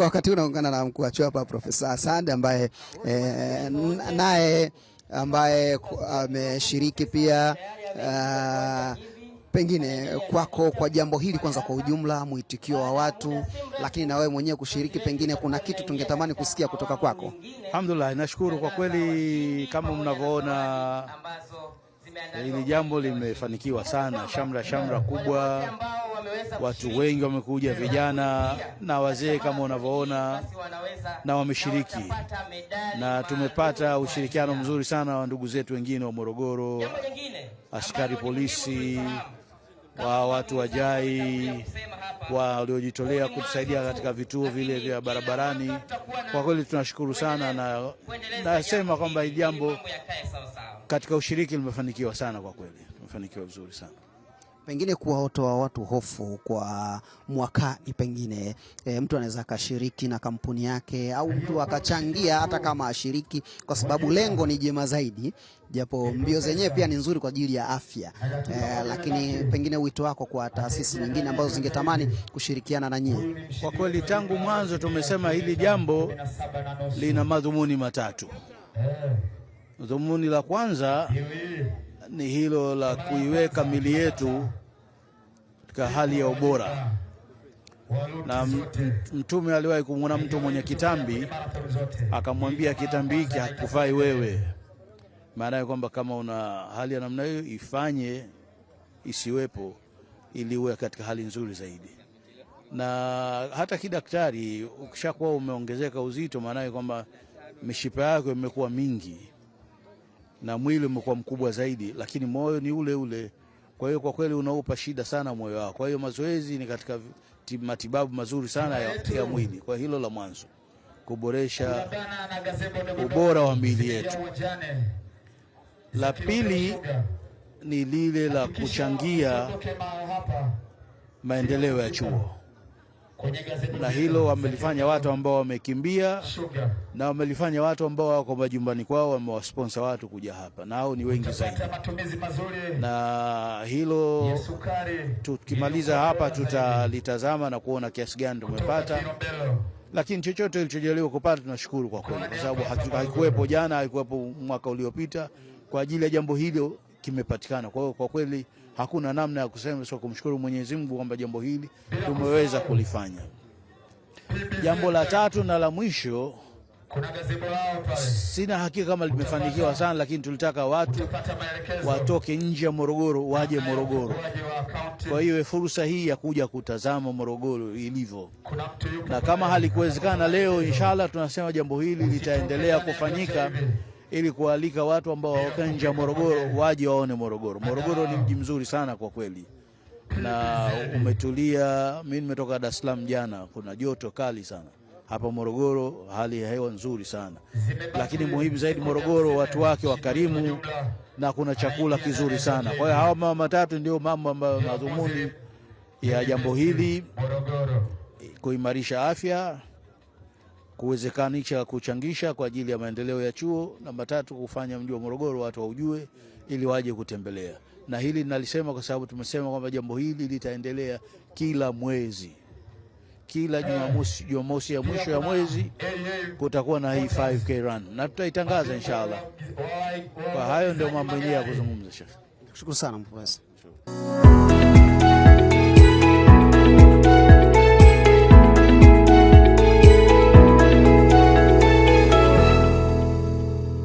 kwa wakati unaungana na mkuu wa chuo hapa Profesa Asad ambaye e, naye ambaye ameshiriki pia a, eh, pengine kwako kwa jambo hili kwanza, kwa ujumla mwitikio wa watu, lakini na wewe mwenyewe kushiriki, pengine kuna kitu tungetamani kusikia kutoka kwako. Alhamdulillah, nashukuru kwa kweli, kama mnavyoona eh, hili jambo limefanikiwa sana, shamra shamra kubwa Watu wengi wamekuja, vijana na wazee kama unavyoona, na wameshiriki, na tumepata ushirikiano mzuri sana wa ndugu zetu wengine wa Morogoro, askari polisi wa watu wajai waliojitolea kutusaidia katika vituo vile vya barabarani. Kwa kweli tunashukuru sana, na nasema kwamba hili jambo katika ushiriki limefanikiwa sana, kwa kweli limefanikiwa vizuri sana pengine kuwaotoa watu hofu kwa mwakani, pengine e, mtu anaweza akashiriki na kampuni yake au mtu akachangia hata kama ashiriki, kwa sababu lengo ni jema zaidi, japo mbio zenyewe pia ni nzuri kwa ajili ya afya e, lakini pengine wito wako kwa taasisi nyingine ambazo zingetamani kushirikiana na nyie? Kwa kweli tangu mwanzo tumesema hili jambo lina madhumuni matatu. Dhumuni la kwanza ni hilo la kuiweka mili yetu katika hali ya ubora, na Mtume aliwahi kumwona mtu mwenye kitambi akamwambia, kitambi hiki hakufai wewe. Maana ya kwamba kama una hali ya namna hiyo ifanye isiwepo, ili uwe katika hali nzuri zaidi. Na hata kidaktari, ukishakuwa umeongezeka uzito, maana ya kwamba mishipa yako imekuwa mingi na mwili umekuwa mkubwa zaidi, lakini moyo ni ule ule. Kwa hiyo kwa kweli unaupa shida sana moyo wako. Kwa hiyo mazoezi ni katika matibabu mazuri sana ya, ya mwili. Kwa hilo la mwanzo, kuboresha ubora wa miili yetu. La pili ni lile la kuchangia maendeleo ya chuo na hilo wamelifanya watu ambao wamekimbia, na wamelifanya watu ambao wako majumbani kwao, wamewasponsa watu kuja hapa, na hao ni wengi zaidi. Na hilo tukimaliza hapa tutalitazama na kuona kiasi gani tumepata, lakini chochote ilichojaliwa kupata tunashukuru kwa kweli, kwa sababu haikuwepo jana, haikuwepo mwaka uliopita kwa ajili ya jambo hilo kimepatikana. Kwa hiyo kwa kweli hakuna namna ya kusema sio kumshukuru Mwenyezi Mungu kwamba jambo hili tumeweza kulifanya. Jambo la tatu na la mwisho sina hakika kama limefanikiwa sana, lakini tulitaka watu watoke nje ya Morogoro waje Morogoro. Kwa hiyo fursa hii ya kuja kutazama Morogoro ilivyo, na kama halikuwezekana leo, inshallah tunasema jambo hili litaendelea kufanyika ili kualika watu ambao wako nje ya Morogoro waje waone Morogoro. Morogoro ni mji mzuri sana kwa kweli na umetulia. Mimi nimetoka Dar es Salaam jana, kuna joto kali sana hapa Morogoro, hali ya hewa nzuri sana lakini muhimu zaidi Morogoro watu wake wakarimu na kuna chakula kizuri sana. Kwa hiyo hawa mama matatu ndio mambo ambayo madhumuni ya jambo hili kuimarisha afya kuwezekanisha kuchangisha kwa ajili ya maendeleo ya chuo. Namba tatu, kufanya mji wa Morogoro watu waujue ili waje kutembelea, na hili nalisema kwa sababu tumesema kwamba jambo hili litaendelea kila mwezi, kila Jumamosi, Jumamosi ya mwisho ya mwezi kutakuwa na hii 5K run na tutaitangaza inshallah. Kwa hayo ndio mambo yenyewe ya kuzungumza. Shekh, Shukrani sana mpenzi.